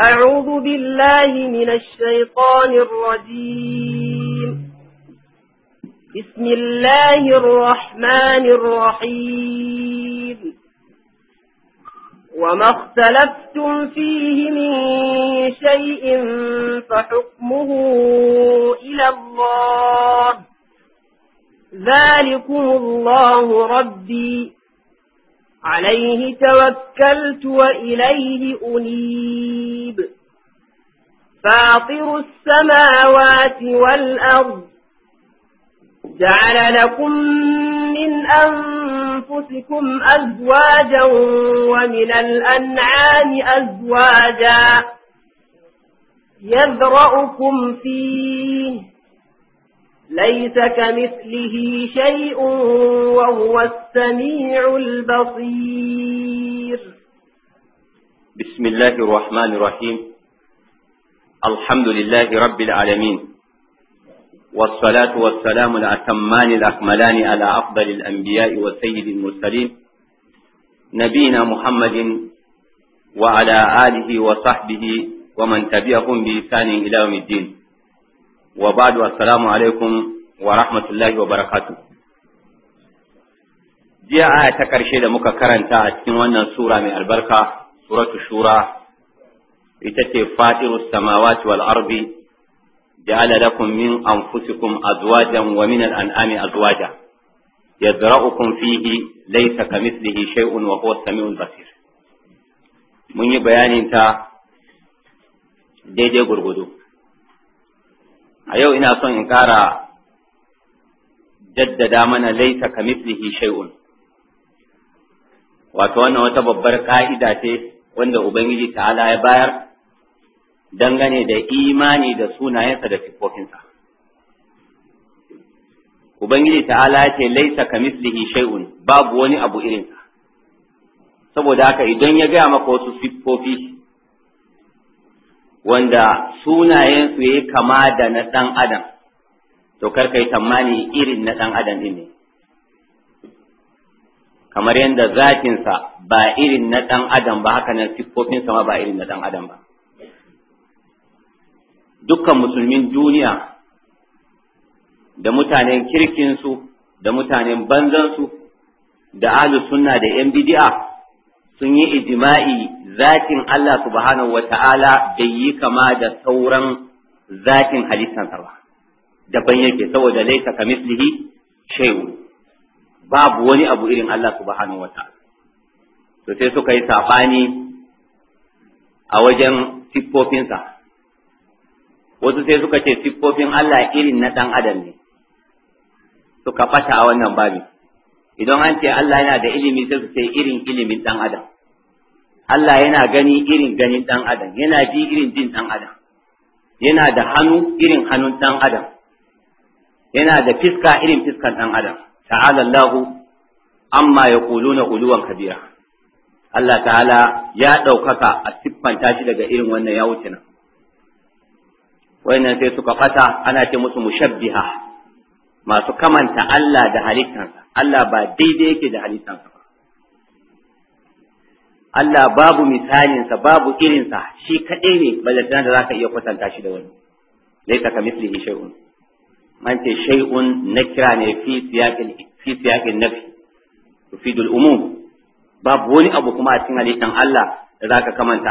أعوذ بالله من الشيطان الرجيم بسم الله الرحمن الرحيم وما اختلفتم فيه من شيء فحكمه إلى الله ذلكم الله ربي عليه توكلت وإليه أنيب فاطر السماوات والأرض جعل لكم من أنفسكم أزواجا ومن الأنعام أزواجا يذرأكم فيه ليس كمثله شيء وهو السميع البصير بسم الله الرحمن الرحيم الحمد لله رب العالمين والصلاة والسلام الأتمان الأكملان على أفضل الأنبياء وسيد المرسلين نبينا محمد وعلى آله وصحبه ومن تبعهم بإحسان إلى يوم الدين wa ba'du assalamu alaikum wa rahmatullahi wa barakatu. jiya aya ta karshe da muka karanta a cikin wannan sura mai albarka suratu shura ita ce fatiru samawati wal ardi ja'ala lakum min anfusikum azwajan wa min al-an'ami azwaja yadra'ukum fihi laysa kamithlihi shay'un wa huwa as basir mun yi bayanin ta daidai gurgudu a yau ina son in ƙara jaddada mana laisa ka mislihi shay'un wato wannan wata babbar ka'ida ce wanda ubangiji ta'ala ya bayar dangane da imani da sunayensa da sifofinsa ubangiji ta'ala ya ce laisa ka mislihi shay'un babu wani abu irinsa saboda haka idan ya gaya maka wasu siffofi wanda sunayen su yayi kama da na dan adam to kar kai tamani irin na dan adam din ne kamar yadda zatinsa ba irin na dan adam ba haka nan siffofinsa ma ba irin na dan adam ba dukkan musulmin duniya da mutanen kirkinsu da mutanen su, da ahlu sunna da yan bidi'a sun yi ijima'i. zakin Allah subhanahu Ta'ala bai yi kama da sauran zakin halittansa ba daban yake saboda laisa mislihi shay'un babu wani abu irin Allah subhanahu ta’ala. to sai suka yi safani a wajen siffofinsa wasu sai suka ce siffofin Allah irin na dan adam ne suka fata a wannan babi idan an ce Allah yana da ilimi sai su ce irin ilimin dan adam Allah yana gani irin ganin ɗan adam yana ji irin jin ɗan adam yana da hannu irin hannun ɗan adam yana da fiska irin fiskan ɗan adam ta'ala Allahu amma na ƙuluwan kabira Allah ta'ala ya ɗaukaka a siffanta shi daga irin wannan ya wuce nan wayannan sai suka fata ana ce musu mushabbiha masu kamanta Allah da halittansa Allah ba daidai yake da halittansa Allah babu misalinsa babu irinsa shi kaɗai ne balantana da za ka iya kwatanta shi da wani laisa ka shi shay'un man ce shay'un nakira ne fi siyakin fi siyakin nafi tufidul umum babu wani abu kuma a cikin halittan Allah da za ka kamanta